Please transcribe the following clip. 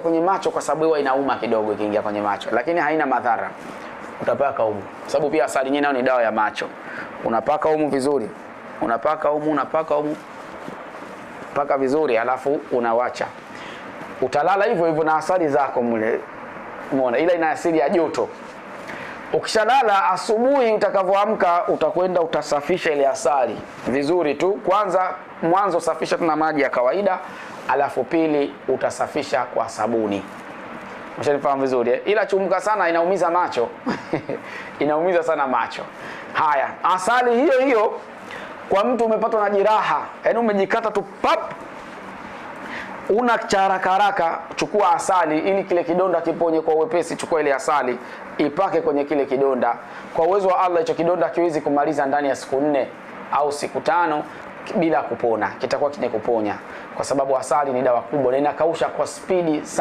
kwenye macho kwa sababu huwa inauma kidogo ikiingia kwenye macho, lakini haina madhara. Utapaka umu, sababu pia asali yenyewe nayo ni dawa ya macho. Unapaka umu vizuri, unapaka umu, unapaka umu, paka vizuri, alafu unawacha. Utalala hivyo hivyo na asali zako mle, umeona, ila ina asili ya joto. Ukishalala asubuhi, utakavyoamka utakwenda utasafisha ile asali vizuri tu. Kwanza mwanzo safisha tuna maji ya kawaida alafu pili utasafisha kwa sabuni. Mshanifahamu vizuri eh? Ila chumka sana inaumiza macho inaumiza sana macho. Haya, asali hiyo hiyo kwa mtu umepatwa na jeraha, yaani umejikata tu pap, una charaka haraka, chukua asali ili kile kidonda kiponye kwa uwepesi. Chukua ile asali ipake kwenye kile kidonda. Kwa uwezo wa Allah, hicho kidonda kiwezi kumaliza ndani ya siku nne au siku tano bila kupona, kitakuwa kine kuponya kwa sababu asali ni dawa kubwa na inakausha kwa spidi sana.